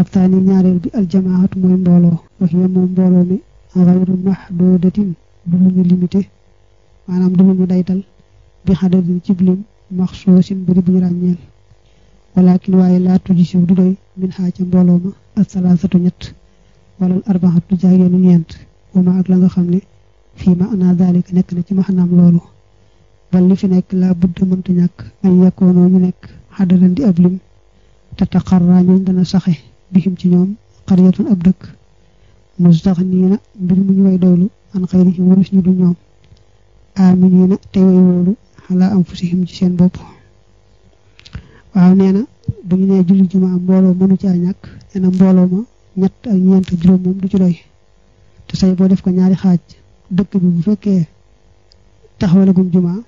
abtaani ñaareel bi aljamaahatu mooy mbooloo wax ya moom mbooloo mi xayru du lu ñu limité maanaam du lu ñu daytal bi xadadin cib lim maxsoosin bari bu ñu ràññeel walakin waaye laa tuji siw du doy min xaa ca mbooloo ma asalaasatu ñett wala arbaxatu jaageenu ñeent wama ak la nga xam ne fii ma ana daalika nekk na ci maxanaam loolu bal li fi nekk laa budda mënta ñàkk ay yakkoonoo ñu nekk xadadan di ab lim te taqarraa ñu dana saxe bihim ci ñoom xariyatun ab dëkk mustaxniina mbir mu ñu way doylu an xayrihim walis ñu du ñoom aaminiina tey way wóolu ci seen bopp waaw nee na bu ñu nee julli jumaa mbooloo mënu caa ñàkk nee na mbooloo ma ñett ak ñeent juróom moom du ci doy te say boo def ko ñaari xaaj dëkk bi bu fekkee taxawalaguñ jumaa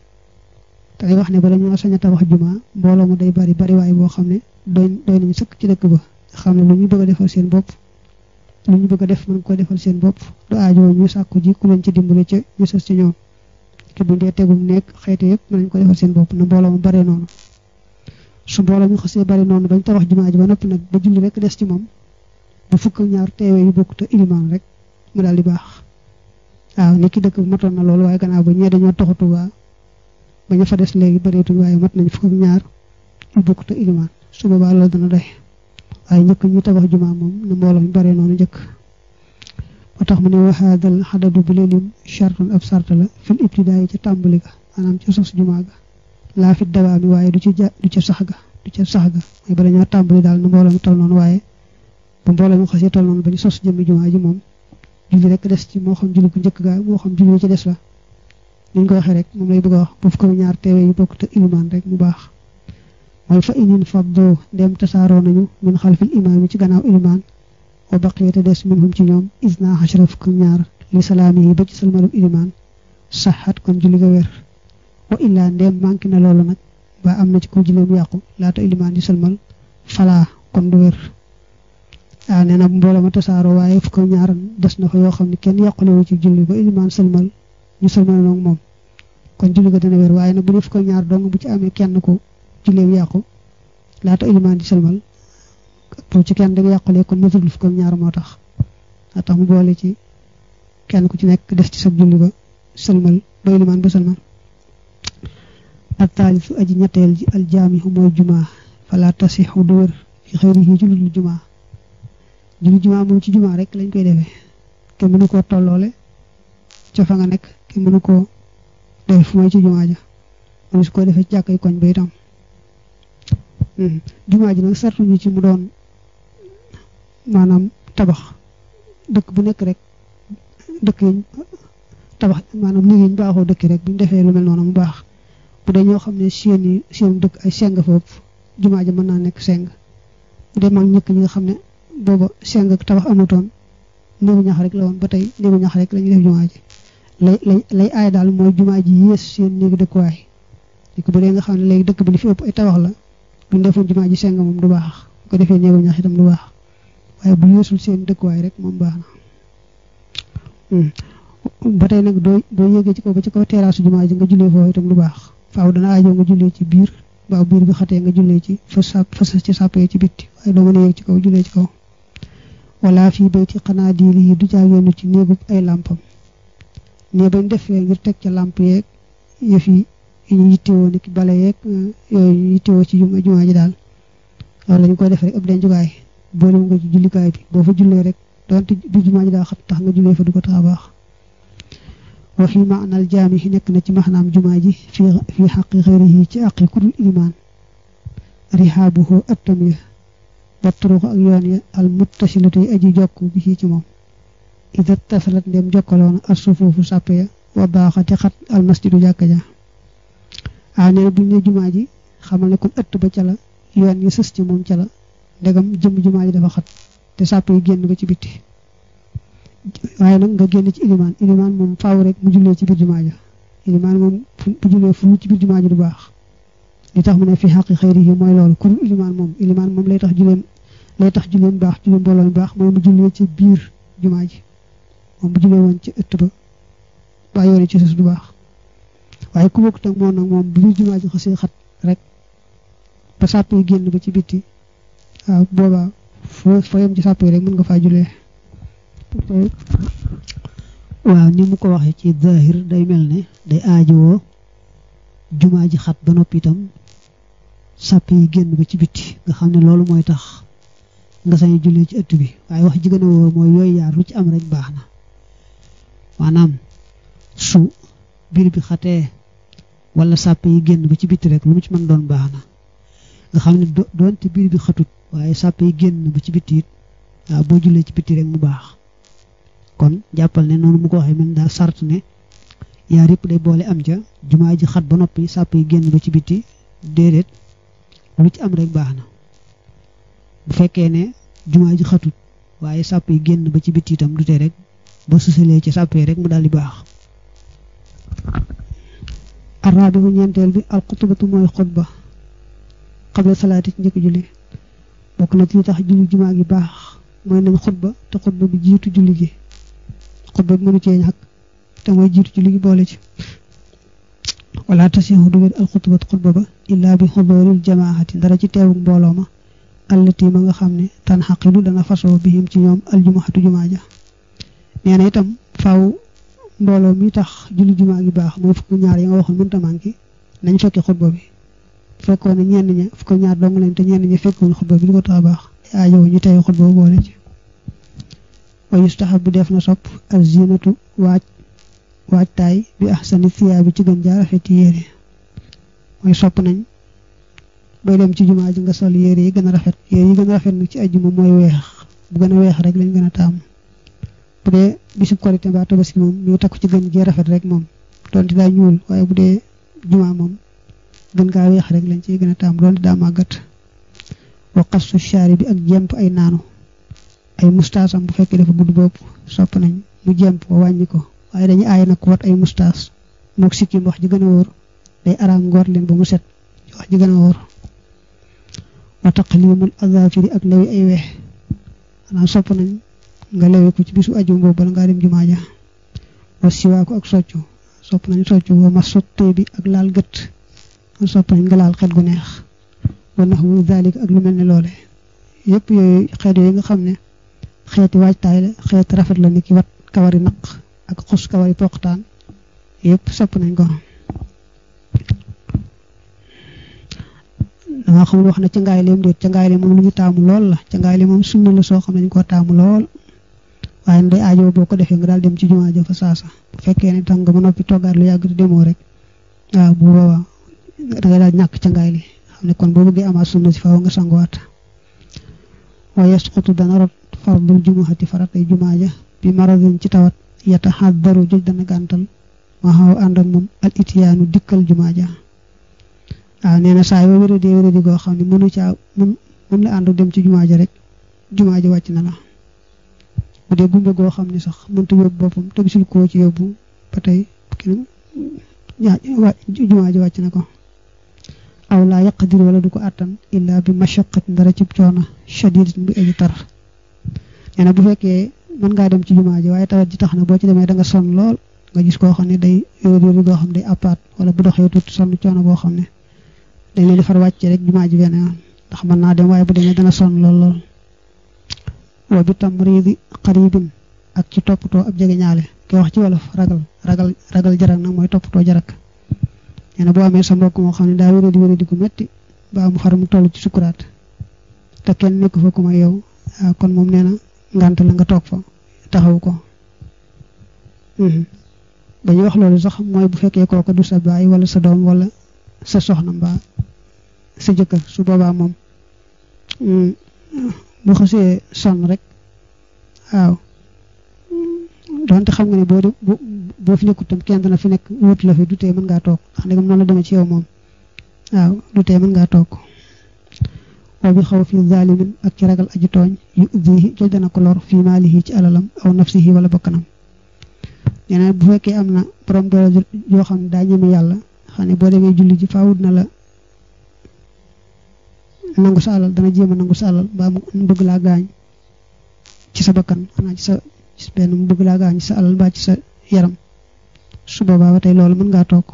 te day wax ne ba dañoo sañ a wax jumaa mbooloo ma day bari bari waay boo xam ne doy doy sëkk ci dëkk ba xam ne lu ñu bëgg a defal seen bopp lu ñu bëgg a def mën ko defal seen bopp du aajoo ñu sàkku ji ku leen ci dimbale ca ñu sës ci ñoom te buñ dee tegum nekk xeete yëpp mën ko defal seen bopp na mbooloo mu bare noonu su mbooloo mu xasee bare noonu bañ tabax jumaa ji ba noppi nag ba julli rek des ci moom bu fukk ñaar teewee yu bokk te ilimaan rek mu daal di baax waaw nekki dëkk bi matoon na loolu waaye gannaaw ba ñee dañoo toxatu waa ba ñu fa des léegi bareetuñ waaye mat nañu fukk ñaar yu bokk te ilimaan su boobaa loolu dana doy waaye njëkk ñu tabax jumaa moom nu mbooloo mi bare noonu njëkk moo tax mu ne waxaadal xadadu bi leen lim chartun ab sart la fil ibtidaay ca tàmbali ga maanaam ca sos jumaa ga laa fit dawaa mi waaye du ci ja du ca sax ga du ca sax ga mooy bala ñoo tàmbali daal nu mbooloo mi tol noonu waaye bu mbooloo mi xasee tol noonu ba ñu sos jëmmi jumaa ji moom julli rek des ci moo xam julli bu njëkk gaa moo xam julli ci des la ni ñu ko waxee rek moom lay bëgg a ko ñaar teewee yu bokk te rek mu baax waaye fa inin faddu dem tasaaroo nañu min xalfil imaam yi ci gannaaw ilimaan wa baqiyata des minhum ci ñoom isna xashra fukk ñaar li salaami yi ba ci salmalum ilimaan saxat kon julli ga wér wa manqué na loolu nag ba am na ci ko julleem yàqu laata ilimaan di salmal falaa kon du wér waaw nee mbooloo ma tasaaroo waaye fukk ñaar des na fa yoo xam ne kenn yàqulewu ci julli ba ilimaan salmal ñu salmal noonu moom kon julli ga dana wér waaye nag bu ne fukk ñaar dong bu ci amee kenn ko julleem yàqu laata ilimaan di sëlmal pour ci kenn dëgg yàqulee kon mosul def ñaar moo tax tax mu boole ci kenn ku ci nekk def ci sa julli ba sëlmal ba ilimaan ba ji aljaamihu mooy jumaa fala tasixu du wër fi xëyrihi ci lu jumaa julli jumaa ci jumaa rek lañ koy defee kenn mënu koo tolloole ca fa nga nekk kenn mënu koo ci jumaa ja su koo defee ci jàkk yi koñ ba itam Mhm. jumaa ji nag sartuñu ci mu doon maanaam tabax dëkk bu nekk rek dëkk yi tabax maanaam liggéey ñu baaxoo dëkk rek bu ñu defee lu mel noonu mu baax bu dee ñoo xam ne seen yi seen dëkk ay seng foofu jumaa ji mën naa nekk seng bu dee mag ñëkk ñi nga xam ne booba seng ak tabax amutoon néegu ñax rek la woon ba tey néegu ñax rek lañu def jumaa ji lay lay lay aay daal mooy jumaa ji yées seen néegu dëkkuwaay ko bu dee nga xam ne léegi dëkk bi li fi ëpp ay tabax la bu ñu defoon jumaa ji seng moom du baax bu ko defee néegam ñax itam du baax waaye bu yéesul seen dëkk dëkkuwaay rek moom baax na hmm. ba tey nag doo doo yéegee ci kaw ba ci kaw teraasu jumaa ji nga jullee foofu itam du baax faaw dana ajoo nga jullee ci biir mbaa biir bi xatee nga jullee ci fa sàpp fa ci sàppee ci bitti waaye doo mën a yéeg ci kaw jullee ci kaw wala fii bay ci xanaa diir yi du jaageenu ci néegub ay làmpam nee bañ defee ngir teg ca làmp yeeg yëf yi yu ñu yittewoo ni ki bale eh, yooyu ñu yittewoo ci juma jumaa ji daal loolu la ñu koy def rek ab dencukaay boole nga ci jullikaay bi boo fa jullee rek dont du jumaa ji daa xam tax nga jullee fa du ko tax a baax waxi maanal jaami yi nekk na ci maxnaam jumaa ji fi fi xaqi xëri yi ci àqi kudul imaan rihaabuhu attam ya ba turuxu ak yoon ya al yi aji jokk bi ci ci moom ida tasalat ndem jokkaloon ak sufuufu sàppe ya wa baaxati xat al masjidu jàkka ja ah na bu ñu nee jumaa ji xamal ne kon ëtt ba ca la yoon yi sës ci moom ca la ndegam jëm jumaa ji dafa xat te sàpp yi génn ba ci bitti waaye nag nga génn ci ilimaan ilimaan moom faw rek mu jullee ci biir jumaa ja ilimaan moom bu jullee fu ci biir jumaa ji du baax li tax mu ne fii xàq xëyri yi mooy loolu ku ilimaan moom ilimaan moom lay tax julleem lay tax julleem baax julleem mbooloo baax mooy mu jullee ci biir jumaa ji moom bu jullee woon ci ëtt ba baa yoone ci sës du baax waaye ku bokkut ak moom nag moom bi biir jumaa ji xat rek ba sàpp yi génn ba ci bitti waaw boobaa foo fa yem ci sàpp yi rek mën nga faa julee waaw ni mu ko waxee ci zahir day mel ne day aajoo jumaa ji xat ba noppi itam sàpp yi génn ba ci bitti nga xam ne loolu mooy tax nga sañ jullee ci ëtt bi waaye wax ji gën mooy yooyu yaar lu ci am rek baax na maanaam su biir bi xatee wala sàpp yi génn ba ci bitti rek lu mu ci man doon baax na nga xam doon doonte biir bi xatut waaye sàpp yi génn ba ci bitti it boo jullee ci bitti rek mu baax kon jàppal ne noonu mu ko waxee mel daa sart ne yaar yëpp day boole am ja jumaa ji xat ba noppi sàpp génn ba ci bitti déedéet lu ci am rek baax na bu fekkee ne jumaa ji xatut waaye sàpp yi génn ba ci bitti itam du tee rek ba susalee ci sàpp rek mu daal di baax arraabiu ñeenteel bi alxutbatu mooy xutba xabla salaati ci njëkk julli bokk na ci tax julli jumaa gi baax mooy nañ xutba te xutba bi jiitu julli gi xutba bi mënu cee ñàkk te mooy jiitu julli gi boole ci wala tasihu du wér alxutbat xutba ba illaa bi xudooril jamaahati dara ci teewug mbooloo ma allati ma nga xam ne tan xaqidu dana fasoo bihim ci ñoom aljumaatu jumaa ja nee itam faaw mbooloo mi tax julli jumaa gi baax mooy fukk ñaar yi nga waxoon mënta manqué nañ fekkee xutba bi fekkoon ne ñenn ña fukk ñaar dong lañ te ñenn ña fekkewuñ xutba bi lu ko tax baax aajow ñu tey xutba boole ci wa bu def na sopp al zinatu waaj waajtaay bi ahsani siyaa bi ci gën jaar rafet yére mooy sopp nañ booy dem ci jumaa ji nga sol yére yi gën a rafet yére yi gën rafet nag ci ay ajjuma mooy weex bu gën a weex rek lañ gën a taamu bu dee bisub korite mbaa tabaski moom ñu takku ci gën gee rafet rek moom donte daa ñuul waaye bu dee jumaa moom gën kaa weex rek lañ ciy gën a taam donte daa màggat wa xasu shaari bi ak jemp ay naanu ay mustaasam bu fekkee dafa gudd bopp sopp nañ mu jemp wa wàññi ko waaye dañuy aay nag wat ay mustaas moog sikkim wax ji gën a wóor day araam ngoor leen ba mu set wax ji gën a wóor wa taqlimul azafiri ak ndawi ay weex xanaa sopp nañ nga lewe ko ci bisu ajum boobu bala ngaa dem jumaa ja was siwaa ko ak soccu sopp nañ soccu wa ma sottee bi ak laal gët sopp nañ nga laal xet gu neex wa naxwu dalik ak lu mel ne loole yépp yooyu xeet yooyu nga xam ne xeeti waajtaay la xeet rafet la ni ki wat kawari naq ak xus kawari poqtaan yépp sopp nañ ko dama xamul wax na ca ngaay leem déet ca moom lu ñu taamu lool la ca ngaay leem moom sunna la soo xam ne ñu ko taamu lool waaye nday aajo boo ko defee nga daal dem ci jumaa ja fa saasa bu fekkee ne tam nga ba noppi toggaat lu yàgg di demoo rek waaw bu boobaa da daal ñàkk ca ngaay li xam ne kon boo bëggee amaat sunna si faaw nga sanguwaat waaye yasqutu dana rot fardul jumaati jumaa ja bi maradin ci tawat yata xaddaru joj dana gàntal waxaw ànd ak moom al itiyaanu dikkal jumaa ja waaw nee na saa yoo wéradee wéradi goo xam ne mënu caa mën mën la ànd dem ci jumaa ja rek jumaa ja wàcc na la bu dee gumba goo xam ne sax mënta yóbbu boppam te gisul koo ci yóbbu ba tey kii jumaa ji wàcc na ko aw laa yaqdir wala du ko àttan illaa bi mashaqatin dara ci coono shadidatin bu aji tar bu fekkee mën ngaa dem ci jumaa ji waaye tawat ji tax na boo ci demee da nga sonn lool nga gis koo xam ne day yóor yóor goo xam ne day appaat wala bu doxee tuuti sonn coono boo xam ne dañ ne di far wàcce rek jumaa ji benn yoon ndax mën naa dem waaye bu demee dana sonn lool lool wa bi tamridi xaribin ak ci toppatoo ab jege ñaale ki wax ci wolof ragal ragal ragal jarak na mooy toppatoo jarak nee na boo amee sa mbokk moo xam ne daa wéré di wéré di ku métti ba xar mu toll ci sukuraat te kenn nekk fa ku may yow ah, kon moom nee na ngànt la nga toog fa taxaw ko dañuy mhm. wax loolu sax mooy bu fekkee kooka du sa baay wala sa doom wala sa soxna mbaa sa jëkkër su boobaa moom mm, bu xasee sonn rek waaw donte xam nga ne boo boo boo fi nekkutam kenn dana fi nekk wut la fi du tee mën ngaa toog ndax ndegam noonu la demee ci yow moom waaw du tee mën ngaa toog wa bi xaw fi zalimin ak ci ragal aji tooñ yu uddihi jël dana ko fi maalihi ci alalam aw nafsihi wala bakkanam nee na bu fekkee am na borom doole xam ne daa ñeme yàlla xam ne boo demee julli ji faawut na la nangu sa alal dana jéem a nangu sa alal mbaa mu bëgg laa gaañ ci sa bakkan xanaa ci sa benn mu bëgg laa gaañ ci sa alal mbaa ci sa yaram su boobaa ba tey loolu mën ngaa toog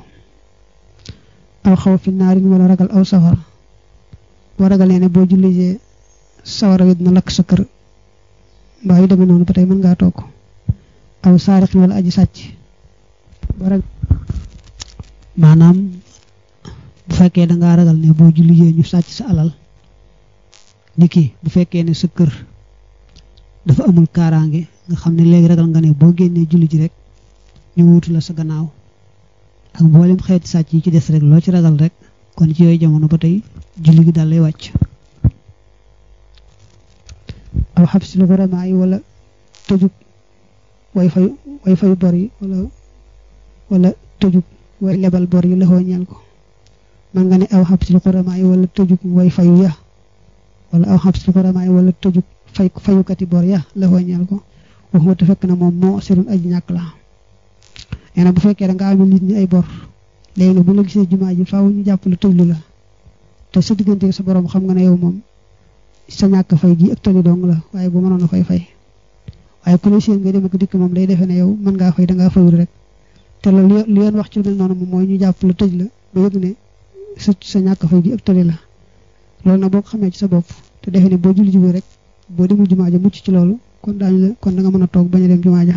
aw xaw fi naarin wala ragal aw safara boo ragalee ne boo jullijee sawara wi dina lakk sa kër mbaa yu demee noonu ba tey mën ngaa toog aw saarix wala aji sàcc maanaam bu fekkee da ngaa ragal ne boo jullijee ñu sàcc sa alal ni ki bu fekkee ne su kër dafa amul kaaraange nga xam ne léegi ragal nga ne boo génnee jullit ji rek ñu wutu la sa gannaaw ak mboolem xeeti sàcc yi ci des rek loo ci ragal rek kon ci yooyu jamono ba tey julli gi dal lay wàcc aw xab si lu ko ramaa yi wala tëjub way fay way fay yi wala wala tëjub way lebal bor yi la xooñeel ko man nga ne aw xab si lu wala tëjub way fayu ya wala aw xabs ko ramaay wala tëju fay fayukati bor ya la fa ko waxuma te fekk na moom moo sirun aj ñàkk la nee bu fekkee da nga amee nit ñi ay bor léegi bu la gisee jumaa ji faaw ñu jàpp lu tëjlu la te sa diggante sa borom xam nga ne yow moom sa fay gi ak tëli dong la waaye bu mënoon a fay fay waaye ku la seen nga dem ak dikk moom day defe ne yow mën ngaa fay dangaa fayul rek te la li yoon wax ci lu mel noonu moom mooy ñu jàpp lu tëj la ba yëg ne sa sa ñàkk fay gi ak tëli la loolu na boo xamee ci sa bopp te defe ne boo julli jiwu rek boo demul jumaa ja mucc ci loolu kon daañu la kon danga mën a toog bañ a dem jumaa ja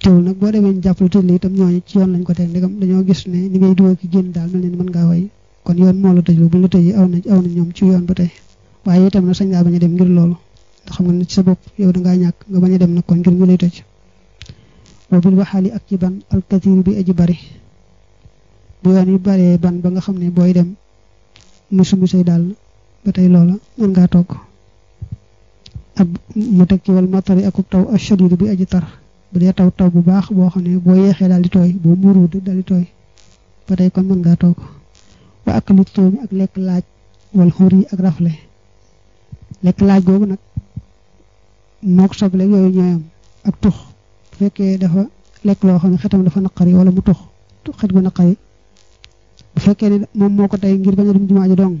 teewul nag boo demee jàpp lu tëj la itam ñooñu ci yoon lañ ko teg ndegam dañoo gis ne ni ngay dugal ki génn daal mel ne ni mën ngaa way kon yoon moo la tëj lu bu la tëjee aw na aw na ñoom ci yoon ba tey waaye itam nag sañ ngaa bañ a dem ngir loolu ndax xam nga ne ci sa bopp yow da ngaa ñàkk nga bañ a dem nag kon ngir ñu lay tëj wa bil waxaali ak ci ban alkathir bi aji bari bu yoon yi baree ban ba nga xam ne booy dem mu sumb say dàll ba tey loola mën ngaa togg ab mu tekki wal matari akub taw ashadidu bi aji tar bu dee taw taw bu baax boo xam ne boo yeexee daal di tooy boo muruud daal di tooy ba tey kon mën ngaa togg wa ak li toomi ak lekk laaj wal xur yi ak rafle lekk laaj googu nag mook soble yooyu ñooyam ak tux bu fekkee dafa lekk loo xam ne xetam dafa naqari wala mu tux xet gu naqari bu fekkee ne moom moo ko tey ngir bañ a dem jumaa ja dong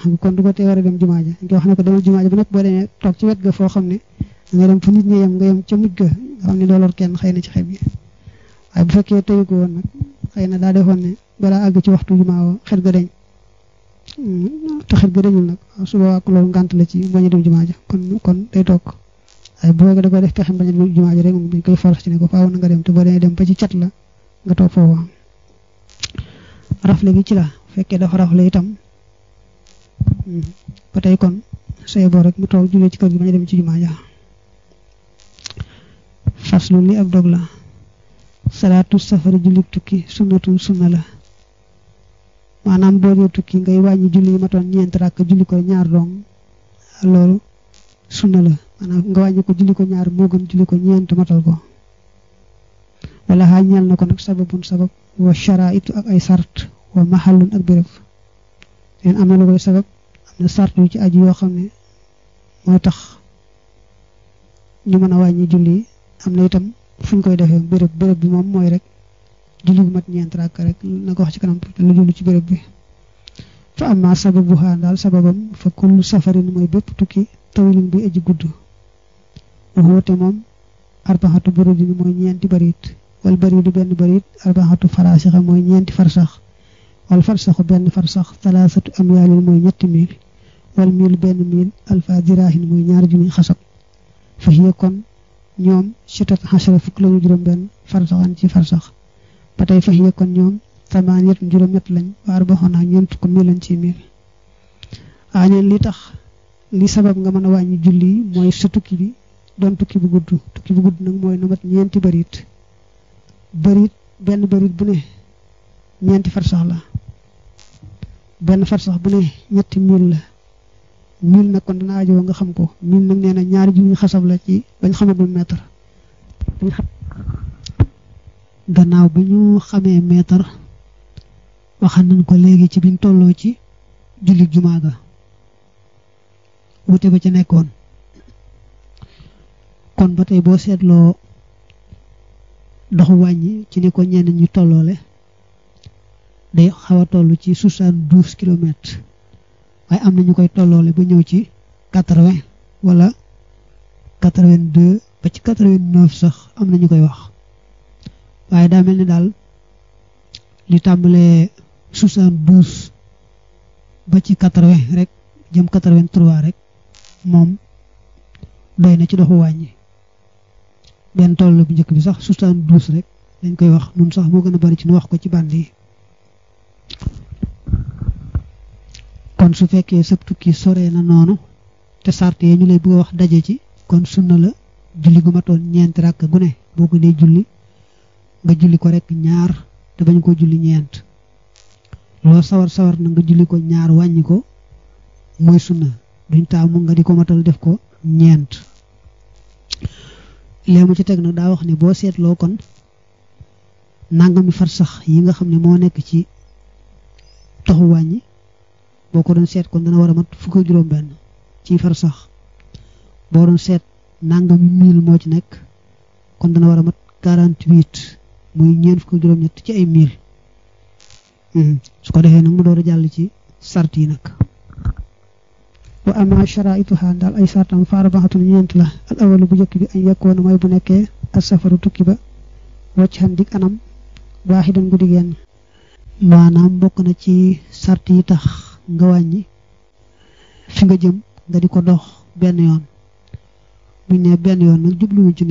xam kon du ko tee war a dem jumaa ja nga wax ko demal jumaa ja ba wet ga foo xam ne nga yem nga yem ca mujj ga nga xam ne dooloor kenn xëy na ci xel bi waaye bu fekkee woon nag xëy na daa defoon ne balaa àgg ci waxtu jumaa wa xet ga dañ hmm, te xet ga dañul nag su boobaa ko loolu ngànt la ci bañ a dem jumaa ja kon kon day toog waaye boo fekkee da ko def pexem bañ a dem jumaa ja rek moom dañ koy force ci ne ko faaw na nga dem te boo demee dem ba ci cat la nga toog foofu rafle gi ci la fekkee dafa rafle itam hmm. ba tey kon say boo rek mu toog jullee ci kër gi bañ a dem ci jumaa ja faslu li ab dog la salaatu safari julli tukki sunnatu sunna la maanaam boo dee tukki ngay wàññi julli yi matoon ñeent rakk julli ko ñaar dong loolu sunna la maanaam nga wàññi ko julli ko ñaar moo gën julli ko ñeent matal ko wala xaa na ko nag sababun sabab wa sharaitu ak ay sart wa mahallun ak béréb neen am na lu koy sabab am na sart yu ci aju yoo xam ne moo tax ñu mën a wàññi julli am na itam fuñ koy defee béréb bërëb bi moom mooy rek julli bu mat ñeent rakk rek na ko wax ci kanam lu julli ci béréb bi fa amma sababuha daal sababam fa kullu safarin mooy bépp tukki tawilin buy aji gudd waxoote moom arbaxatu burudin mooy ñeenti barit wal bariidu benn bariid arbaxatu faraasixa mooy ñeenti farsax wal farsaxu benn farsax talaasatu amyaalin mooy ñetti miil wal miilu benn miil alfa diraahin mooy ñaari junni xasab fa hiya kon ñoom sitat xasara fukk lañu juróom benn farsaxan ci farsax ba tey fa hiya kon ñoom tamaan yet juróom ñett lañ wa arbaxoona ñeent fukk miil lañ ci miil añeen li tax li sabab nga mën a wàññi julli mooy sa tukki bi doon tukki bu gudd tukki bu gudd nag mooy na ñeenti bariit bërit benn bërit bu ne ñeenti farsax la benn farsax bu ne ñetti mil la mil nag kon dana ajoo nga xam ko mil nag nee na ñaari junni xasab la ci bañ xamagul mètre gannaaw bi ñu xamee meetar waxan nañ ko léegi ci biñ tolloo ci jullit jumaa ga wute ba ci nekkoon kon ba tey boo seetloo ndoxum wàññi ci ni ko ñenn ñi tolloole day xaw a toll ci soixante-douze waaye am na ñu koy tolloole bu ñëw ci quatre wala quatre-vingt-deux ba ci sax am na ñu koy wax waaye daa mel ni daal li tàmbalee soixante-douze ba ci quatre rek jëm quatre rek moom doy na ci doxu wàññi benn tollu bu njëkk bi sax 72 rek dañ koy wax nun sax moo gën a bari ci nu wax ko ci bànd yi kon su fekkee sëb tukki sore na noonu te sart yi ñu lay bëgg wax daje ci kon sunna la julli gu matoon ñeenti rakk gu ne boo ko dee julli nga julli ko rekk ñaar te bañ koo julli ñeent loo sawar sawar na nga julli ko ñaar wàññi ko mooy sunna duñ taamu nga di ko matal def ko ñeent lee mu ci teg nag daa wax ni boo seetloo kon nangami far sax yi nga xam ne moo nekk ci taxu wàññi boo ko doon seet kon dana war a mat fukk ak juróom benn ci far sax boo doon seet nangami mille moo ci nekk kon dana war a mat quarante-huit muy ñeent fukk juróom ñett ci ay mille hmm, su ko defee nag mu door jàll ci sart yi nag wa ama charaituha daal ay sartam fa arbaatun ñeent la al awalu bu njëkk bi añ yekkoon mooy bu nekkee ak safaru tukki ba wacc xan dig anam waaxidan guddi genn maanaam bokk na ci sart yi tax nga wàññi fi nga jëm nga di ko dox benn yoon buñ ne benn yoon nag jubluwu ci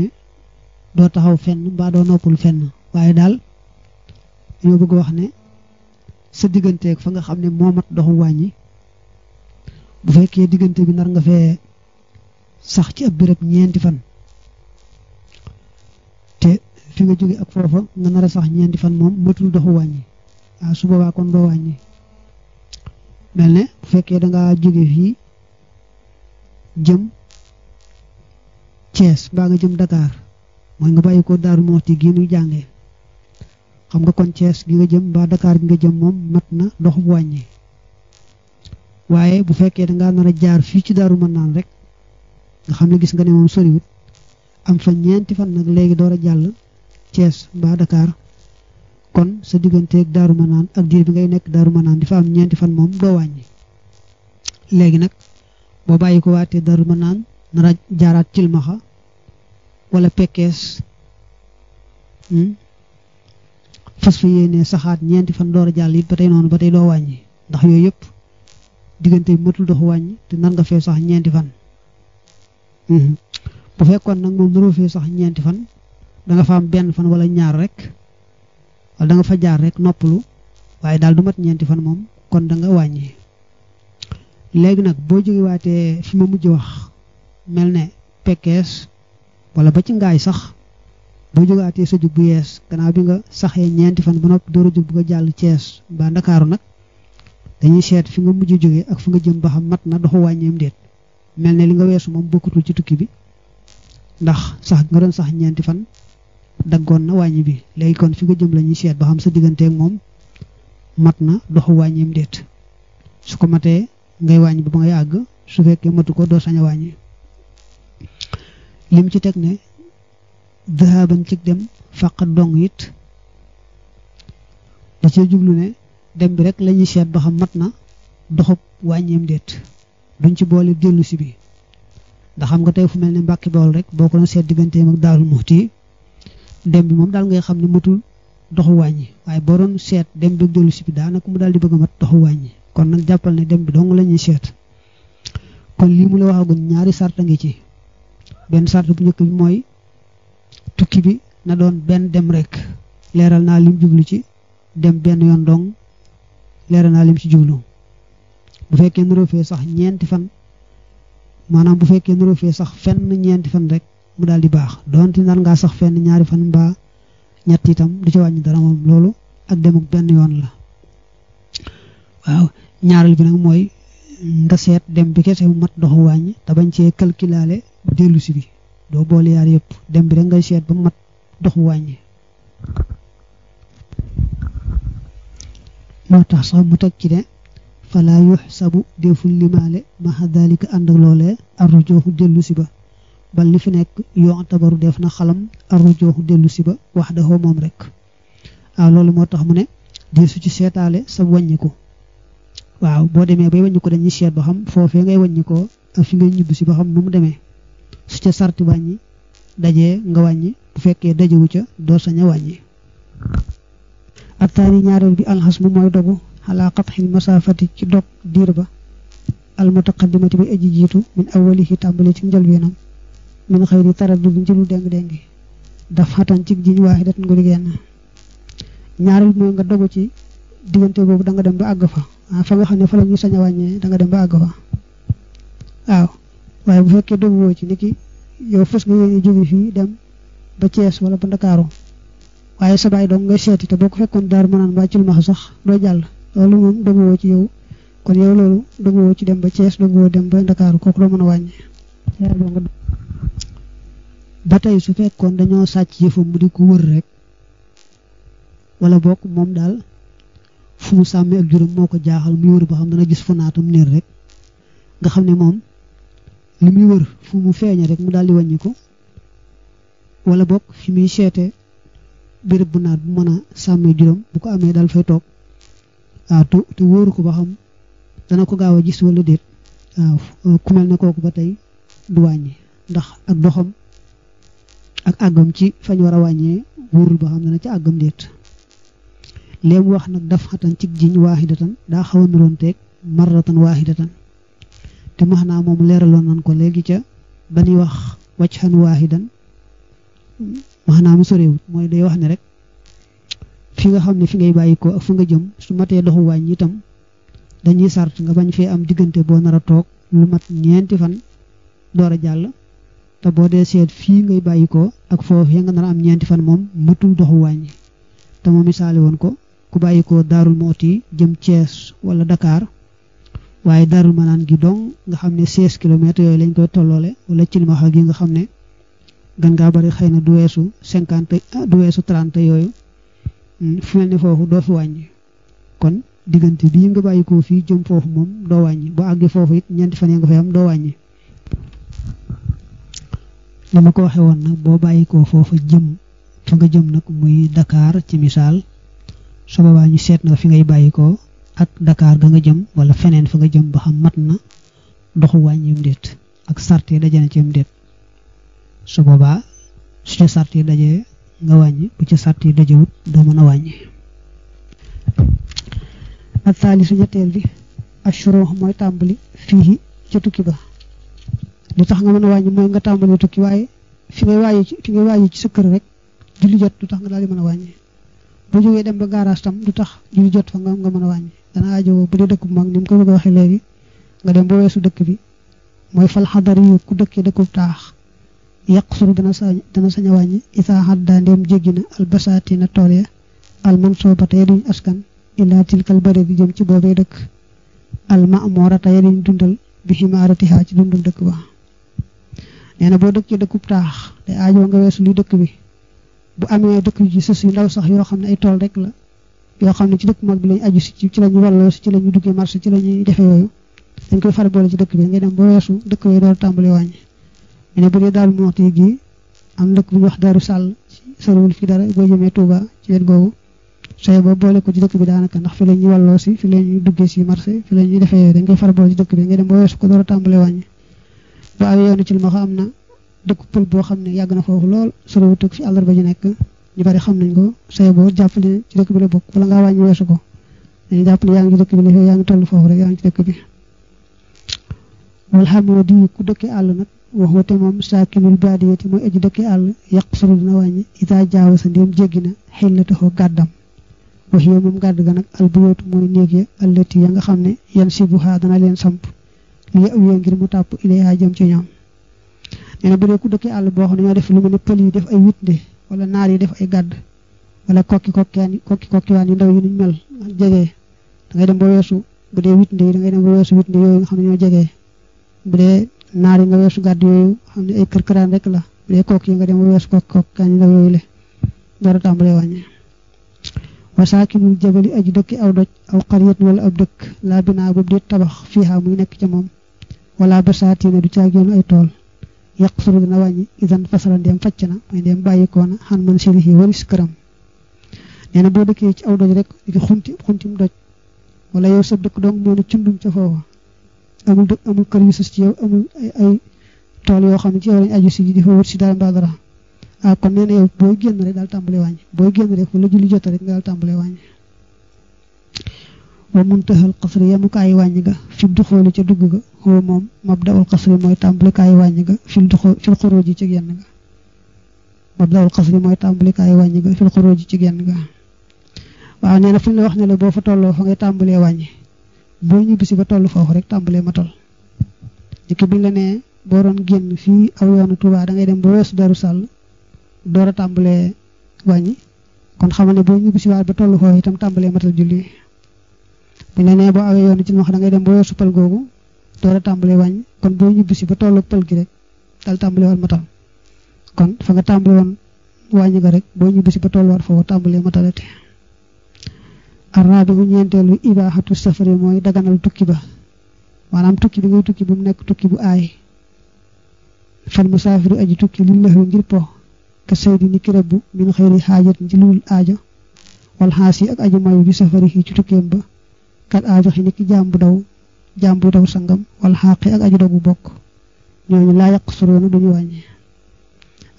doo taxaw fenn mbaa doo noppul fenn waaye daal dañoo bëgg wax ne sa digganteeg fa nga xam ne moo mat doxu wàññi bu fekkee diggante bi nar nga fee sax ci ab béréb ñeenti fan te fi nga jóge ak foofa nga nar sax ñeenti fan moom matul doxu wàññi waaw su boobaa kon doo wàññi mel ne bu fekkee dangaa jóge fii jëm Thiès mbaa nga jëm Dakar mooy nga bàyyi ko Daaru Muxti gii nuy jànge xam nga kon Thiès gi nga jëm mbaa dakaar gi nga jëm moom mat na doxu wàññi waaye bu fekkee da ngaa nar a jaar fii ci daaru mën naan rek nga xam ne gis nga ne moom soriwut am fa ñeenti fan nag léegi door a jàll Thiès mbaa Dakar kon sa digganteeg daaru mën naan ak diir bi ngay nekk daaru mën naan di fa am ñeenti fan moom doo wàññi léegi nag boo bàyyi ko waatee daaru mën naan nar jaaraat cilmaxa wala pekkees hmm, fas fa yéenee saxaat ñeenti fan door a jàll it ba tey noonu ba tey doo wàññi ndax yooyu yëpp diggante bi matul dox wàññi te nar nga fee sax ñeenti fan mhm. bu fekkoon nag moom naroo fee sax ñeenti fan da nga fa am benn fan wala ñaar rek wala da fa jaar rek noppalu waaye daal du mat ñeenti fan moom kon da nga wàññi léegi nag boo jógewaatee fi ma mujj wax mel ne pekkees wala ba ci ngaay sax boo jógaatee sa jug bu yees gannaaw bi nga saxee ñeenti fan ba noppi door a jug bu ko jàll Cees baa Ndakaaru nag dañuy seet fi nga mujj jóge ak fi nga jëm ba xam mat na doxu wàññeem déet mel ne li nga weesu moom bokkatul ci tukki bi ndax sax nga doon sax ñeenti fan daggoon na wàññi bi léegi kon fi nga jëm la ñuy seet ba xam sa digganteeg moom mat na doxu wàññeem déet su ko matee ngay wàññi ba ngay àgg su fekkee matu ko doo sañ a wàññi lim ci teg ne dahaban cig dem fàq dong it da cee jublu ne dem bi rek la seet ba xam mat na doxub wàññeem déet duñ ci boole dellu si bi ndax xam nga tey fu mel ne Mbàkke Bawol rek boo ko doon seet digganteem ak Daaru Muxti dem bi moom daal ngay xam ne matul doxu wàññi waaye boo doon seet dem bi dellu si bi daanaka mu daal di bëgg mat doxu wàññi kon nag jàppal ne dem bi dong la ñuy seet kon lii mu la waxagun ñaari sarta ngi ci benn sart bu njëkk bi mooy tukki bi na doon benn dem rek leeral naa lim jublu ci dem benn yoon dong leera naa lim ci jublu bu fekkee naroo fee sax ñeenti fan maanaam bu fekkee naroo fee sax fenn ñeenti fan rek mu daal di baax donte nar ngaa sax fenn ñaari fan mbaa ñett itam di ci wàññi dara moom loolu ak demuk benn yoon la waaw ñaareel bi nag mooy nga seet dem bi kese mu mat doxu wàññi te bañ cee calculaale dellu si bi doo boole yaar yëpp dem bi rek ngay seet ba mat doxu wàññi moo tax sax mu teg ci ne fala yuxsabu deful limaale maxa dalika ànd ak loolee arrujooxu dellu si ba bal li fi nekk yoon tabaru def na xalam arrujooxu dellu si ba wax daxoo moom rek waaw loolu moo tax mu ne deesu ci seetaale sa wàññiku waaw boo demee bay wàññiku dañuy seet ba xam foofee ngay wàññikoo ak fi ngay ñibbi si ba xam nu mu demee su ca sarti wàññi dajee nga wàññi bu fekkee dajewu ca door sañ a wàññi attaani ñaareel bi alxasmu mooy dogu xalaa fa masaafati ci dog diir ba almutaqaddimati bi aji jiitu min awalihi tàmbali ci njëlbeenam min xëyri taraddudi ci lu déng-déng daf xatan ci jiñ waaxidat nguri genn ñaareel mooy nga dogu ci diggante boobu da nga dem ba àgg fa waaw ah, fa nga xam ne fa la ñuy wàññee da nga dem ba àgg fa waaw waaye bu fekkee dogu woo ci niki yow fës nga yéene jóge fii dem ba Thiès wala ba Ndakaaru waaye sa baay doom nga seeti te boo ko fekkoon daar mu naan bàccul max sax doo jàll loolu moom doguwoo ci yow kon yow loolu doguwoo ci dem ba Thiès doguwoo dem ba Ndakaaru kooku doo mën a wàññi ba tey su fekkoon dañoo sàcc yëfam mu di ko wër rek wala bokk moom daal fu mu sàmmee ak juróom moo ko jaaxal muy wër ba xam dana gis fu naatam niir rek nga xam ne moom li muy wër fu mu feeñe rek mu daal di wàññi ko wala bokk fi muy seete béréb bu naat bu mën a sàmmee juróom bu ko amee daal fay toog waaw te te wóoru ko ba xam dana ko gaaw a gis wala déet waaw ku mel ne kooku ba tey du wàññi ndax ak doxam ak àggam ci fañ war a wàññee wóorul ba xam dana ci àggam déet léem wax nag daf xatan ci jiñ waaxidatan daa xaw a niroon teeg marratan waaxidatan te max naa moom leeraloon nan ko léegi ca ba ñuy wax wàcc xan waaxidan maanaam sorewut mooy day wax ne rek fi nga xam ne fi ngay bàyyikoo ak fa nga jëm su matee doxu waañ itam dañuy sart nga bañ fee am diggante boo nar a toog lu mat ñeenti fan door a jàll te boo dee seet fii ngay bàyyi ko ak foofu ya nga nar a am ñeenti fan moom matul doxu wàññi te moom misaale woon ko ku bàyyi bàyyikoo daarul mooti jëm Thiès wala dakaar waaye daarul manaan gi dong nga xam ne 16 kilomètres yooyu lañ koy tolloole wala cilmaxa gi nga xam ne gën ngaa bari xëy na du weesu cinquante ah, du weesu yooyu hmm, fu mel ne foofu doo fi wàññi kon diggante bii nga bàyyi fii jëm foofu moom doo wàññi boo àggee foofu it ñeenti fan nga fay am doo wàññi. ko waxee woon nag boo bàyyi foofu jëm fa nga jëm nag muy Dakar ci misaal su boobaa ñu seet na fi ngay bàyyi ak Dakar ga nga jëm wala feneen fa nga jëm ba xam mat na doxu wàññi am déet ak sart yi dajana ci am déet. su boobaa su ci sart yi dajee nga wàññi bu ci sart yi dajewut doo mën a wàññi ak su ñetteel bi ak ashurux mooy tàmbali fii ca tukki ba lu tax nga mën a wàññi mooy nga tàmbali tukki waaye fi ngay waaji ci fi ngay ci sa kër rek julli jot du tax nga daal di mën a wàññi boo jógee dem ba gaaraas tam du tax julli jot fa nga nga mën a wàññi dana ajowoo bu dee dëkk bu mag ni mu ko bëgg a waxee léegi nga dem ba weesu dëkk bi mooy fal xadar yi ku dëkkee dëkkub taax yaqsuru dana sa dana sañ a wàññi isaa xaddaa ndéem jéggi na albasaati na tool ya almansoobata ya duñ askan ilaa tilkal bare bi jëm ci boobee dëkk almamoorata ya duñ dundal bi ximaaratihaa ci dundum dëkk ba nee na boo dëkkee dëkkub taax day aajoo nga weesu luy dëkk bi bu dëkk ji sës yu ndaw sax yoo xam ne ay tool rek la yoo xam ne ci dëkk mag bi lañ aju si ci la ñu ci la ñu duggee marché ci la ñuy defe dañ koy far boole ci dëkk bi ngay dem ba weesu dëkk yooyu door tàmbali wàññi ñu ne bu dee daal Muxti gi am dëkk bu ñuy wax Daaru Sàll sorowul fi dara boo jëmee Touba ci wet googu sooy ba boole ci dëkk bi daanaka ndax fi la ñuy wàlloo si fi la ñuy si marché ñuy defee yooyu dañ koy fara boole ci dëkk bi nga dem ba weesu ko a tàmbalee wàññi ba awee yoonu ci li ma am na dëkk pël boo xam ne yàgg na foofu lool sorowut ak fi àllarba ji nekk ñu bari xam nañ ko sooy boo jàppale ci dëkk bi la bokk wala ngaa wàññi weesu ko dañuy jàpp ne yaa ngi ci dëkk bi la yaa ngi toll foofu rek yaa ngi ci dëkk bi wal xam di ku dëkkee àll nag waxu te moom saakinul baadiyati mooy aji dëkki àll yàq suru dina wàññi itaa jaawa sa ndéem jéggi na xëy na taxoo gàddam wax yow moom gàdd ga nag albuyootu mooy néeg ya allati ya nga xam ne yan sibuhaa dana leen samp li aw yee ngir mu tàpp ilayha jëm ci ñoom nee na bu dee ku dëkki àll boo xam ne ñoo def lu mel ne pël yi def ay witnde wala naar yi def ay gàdd wala kokki kokkiwaan kokki kokkiwaan yu ndaw yu nuñ mel jegee da ngay dem ba weesu bu dee witnde yi da ngay dem ba weesu witnde yooyu nga xam ñoo jegee bu dee naar yi nga weesu gàdd yooyu xam ne ay kër këraan rek la bu dee kook yi nga dem ba weesu kook kook kañ la yooyu le dara tàmbalee wàññi wasaakinul jabali aji dëkki aw doj aw xariyat wala ab dëkk laa binaa boobu di tabax fiihaa muy nekk ca moom wala basaatina du caag yoonu ay tool yàq suru na wàññi isan fasala dem facc na mooy ndeem bàyyikoona xan man siri yi waris këram nee na boo dëkkee ci aw doj rek di xunti xuntim doj wala yow sa dëkk dong moo ne cundum ca foofa amul dëkk amul kër yu sus ci yow amul ay ay tool yoo xam ne ci yow lañ aju si di fa wut si dara mbaa dara ah kon nee na yow boo génn rek daal tàmbale wàññi boo génn rek wala julli jot rek nga daal tàmbale wàññi wa muntaxal xasri yemukaayu wàññi ga fil duxooli ca dugg ga xoo moom mabdaul xasri mooy tàmbalikaayu wàññi ga fil duxoo fil xuruji ci génn ga mabdaul xasri mooy tàmbalikaayu wàññi ga fil xuruji ci génn ga waaw nee na fu ñu la wax ne la boo fa tolloo fa ngay tàmbalee wàññi boo ñibbi si ba tollu foofu rek tàmbalee matal jikki bi la nee boo doon génn fii aw yoonu Touba da ngay dem ba weesu Darou Sall door a tàmbalee wàññi kon xamal ne boo ñibbisi waat ba tollu foofu tàmbalee matal julli bi la nee boo awee yoonu ci wax da dem ba weesu pël googu door a tàmbalee kon boo ñibbisi ba tollu pël gi rek dal tàmbalee woon matal kon fa nga tàmbalee woon wàññi nga rek boo ñibbisi ba war foofu tàmbalee matalati arraabi bu ñeenteelu ibaaxatu safari mooy daganal tukki ba maanaam tukki bi ngay tukki bu mu nekk tukki bu aay fal musaafiru aji tukki lillahi ngir po ka saydi ni ki rabbu min xëyri xaajat ci lu dul aajo wal xaas yi ak aji mayu bi safari yi ci tukkeem ba kat aajo xi ni ki jaam bu daw jaam bu daw sangam wal xaaqi ak aji dogu bokk ñooñu laa yàq suroona duñu wàññi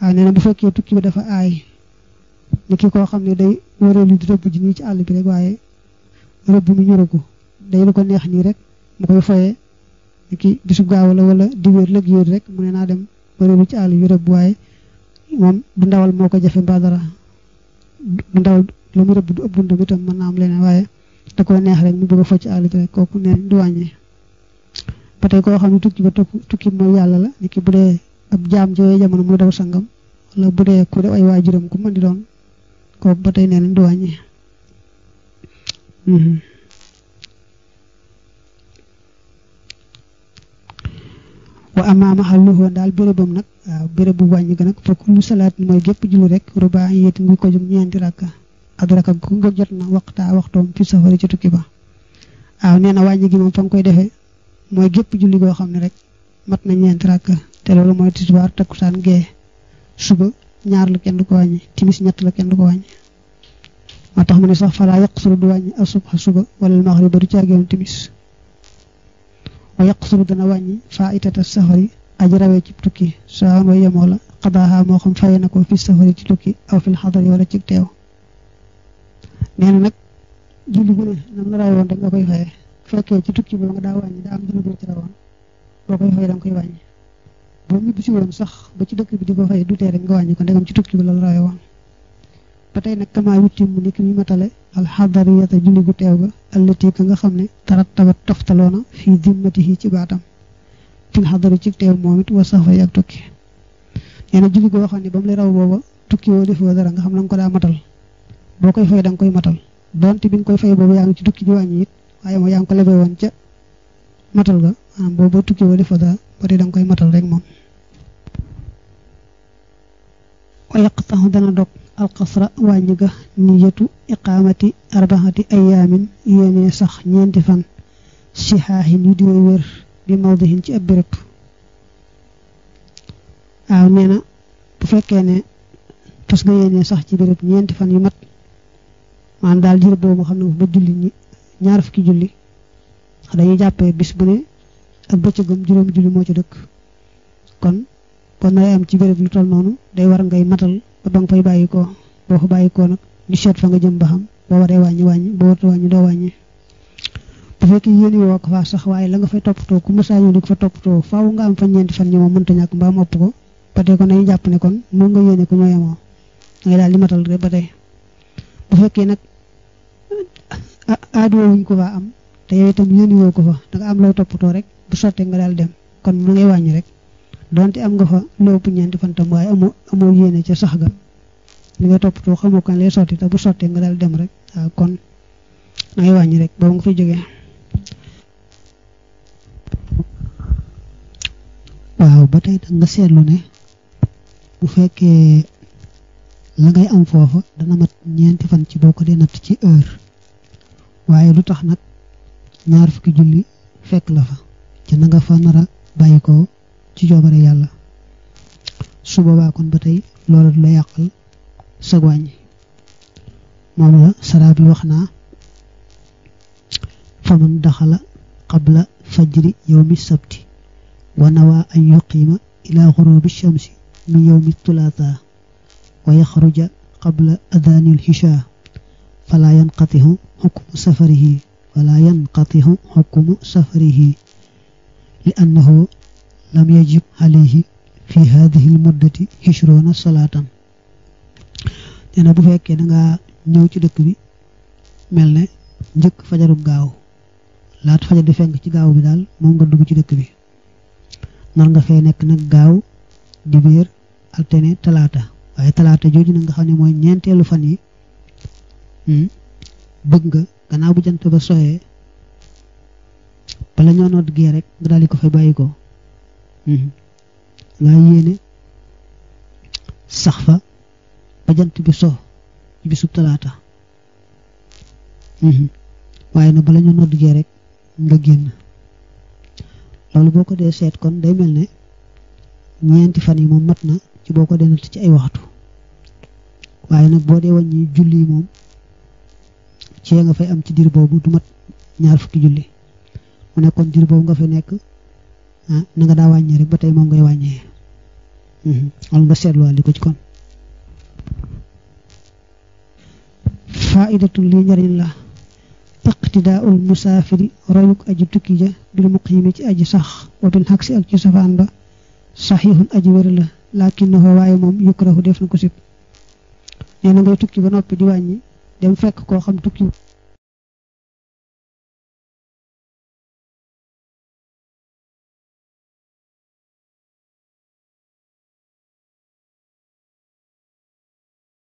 waaye nee na bu fekkee tukki bi dafa aay ni ki koo xam ne day wëreelu di rëbb ji nii ci àll bi rek waaye rëbb mi ñuru ko day lu ko neex nii rek mu koy foyee ni ki bisu gaaw la wala diwéer lëg yóor rek mu ne naa dem wëreelu ci àll bi rëbb waaye moom du ndawal moo ko jafe mbaa dara du ndawal lu rëbb du ëpp buntu bi tam mën naa am leneen waaye da koo neex rek mu bëgg a fo ci àll bi rek kooku neen du wàññi ba tey koo xam ne tukki ba tukki mooy yàlla la ni bu dee ab jaam ci yooyu jamono muy daw sangam wala bu dee ku def ay waajuram ku mën di doon kooku ba tey nee nañ du wàññi xam mhm. amaa maxalluhu daal bérébam nag waaw béréb bu wàññi ga nag fa kullu salaat mooy gépp julli rek rubaa yéeti ngi ko ñeenti rakka adraka gu ko jot na waxtaa waxtoom fi safari ci tukki ba waaw nee na wàññi gi fa nga koy defee mooy gépp julli goo xam ne rek mat na ñeenti rakka te loolu mooy tisbaar takkusaan gee suba ñaar la kenn ko wàññi timis ñett la kenn du ko wàññi moo tax mu ne sax falaa yaqsuru du wàññi asubha suba wala almaxriba du caageenu timis wa yaqsuru dana wàññi faa itata safari aji rawee ci tukki soo am wa yemoo la xadaaxa moo xam faye na ko fi safari ci tukki aw fil xadari wala ci teew nee na nag julli gu ne a la rawoon rek nga koy faye fekkee ci tukki boobu nga daa wàññi daa am julli ci rawoon boo koy faye danga koy wàññi ba ñibbi si woon sax ba ci dëkk bi di ko fay du tee rek nga wàññi ko ndegam ci tukki bi la rawe woon ba tey nag kamaa wittim mu nekk mi matale alxadariyata julli gu teew ga allati ka nga xam ne tarat tabat toftaloona fii dimmatihi ci baatam fil xadari ci teew moom it wa safa ak tukki nee na julli goo xam ne ba mu lay raw booba tukki woo defoo dara nga xam na ko daa matal boo koy fay da koy matal donte bi nga koy fay boobu yaa ngi ci tukki di wàññi it waaye moom yaa ngi ko woon ca matal ga maanaam booba tukki woo defoo dara ba tey da koy matal rek moom wa yaqtahu dana dog alxasra wàññi ga niyatu iqaamati arbaxati ayaamin yéenee sax ñeenti fan sihaahin yu di wér bi mawdihin ci ab béréb waaw nee na bu fekkee ne fas nga yéenee sax ci béréb ñeenti fan yu mat maanaam daal jërë boobu xam ne ba julli ñi ñaar fukki julli dañuy jàppee bis bu ne ak bëccëgum juróom julli moo ci dëkk kon kon nooy am ci béréb yu toll noonu day war ngay matal ba ba nga fay bàyyi koo boo fa bàyyi koo nag di seet fa nga jëm ba xam boo waree wàññi wàññi boo warta wàññi doo wàññi bu fekkee yéen woo ko faa sax waaye la nga fay toppatoo ku mësaa ñëw di ko fa toppatoo faaw nga am fa ñeenti fan ñi moom mënta ñàkk mbaam ëpp ko ba tey kon dañuy jàpp ne kon moo nga yéene ko ñooy amoo ngay daal di matal rek ba tey bu fekkee nag ah, aadoo wuñ ko faa am te yow itam yéen woo ko fa da nga am loo toppatoo rek bu sottee nga daal dem kon mu ngay wàññi rek donte am nga fa loo bu ñeenti fantam waaye amoo amoo yéene ca sax ga li nga toppatoo xamoo kan lay sotti te bu sottee nga daal dem rek ah, kon da ngay wàññi rek boobu nga fa jógee. waaw ba tey nag nga seetlu ne bu fekkee la ngay am foofa dana mat ñeenti fan ci boo ko dee natt ci heure waaye lu tax nag ñaar fukki julli fekk la fa ci na nga fa nara bàyyi ko ci coobare yàlla su boobaa kon ba tey loola du la yàqal sag wàññi moom la saraa bi wax naa faman daxala qabla fajri yawmi sabti wa nawaa an yuqiima ila xurubi shamsi min yawmi tulaata wa yaxruja qabla adaanil hishaa falaa yanqatixu xukmu safarihi falaa yanqatixu xukmu safarihi li annahu lam yajib alayhi fi hadihi l muddati hichrona salaatan nee bu fekkee danga ñëw ci dëkk bi mel ne njëkk fajarub gaaw laat fajar di fenk ci gaaw bi daal moom nga dugg ci dëkk bi nar nga fay nekk nag gaaw dibéer altine talaata waaye talaata jooju nag nga xam ne mooy ñeenteelu fan yi hmm, bëgg nga gannaaw bu jant ba soxee bala ñoo noot gee rek nga daal di ko fay bàyyi ko waaye mhm. yéene sax fa ba jant bi so ci talaata mhm. waaye nag bala ñu nodd gee rek nga génn loolu boo ko dee seet kon day mel ne ñeenti fan yi moom mat na ci boo ko dee natt ci ay waxtu waaye nag boo dee wàññi julli yi moom ci nga fay am ci diir boobu du mat ñaar fukki julli mu ne kon diir boobu nga fi nekk ah nga daa wàññi rek ba moom ngay wàññee wala mhm. nga seetluwaat li ko ci njariñ la iqtidaaul musaafiri royuk aji tukki ja bil muqiimi ci aj sax wa bil xaksi ak ci safaan ba saxiixun aji wér la lakinnahu waaye moom yukrahu def na ko sib nee na ngay tukki ba noppi di wàññi dem fekk koo xam tukki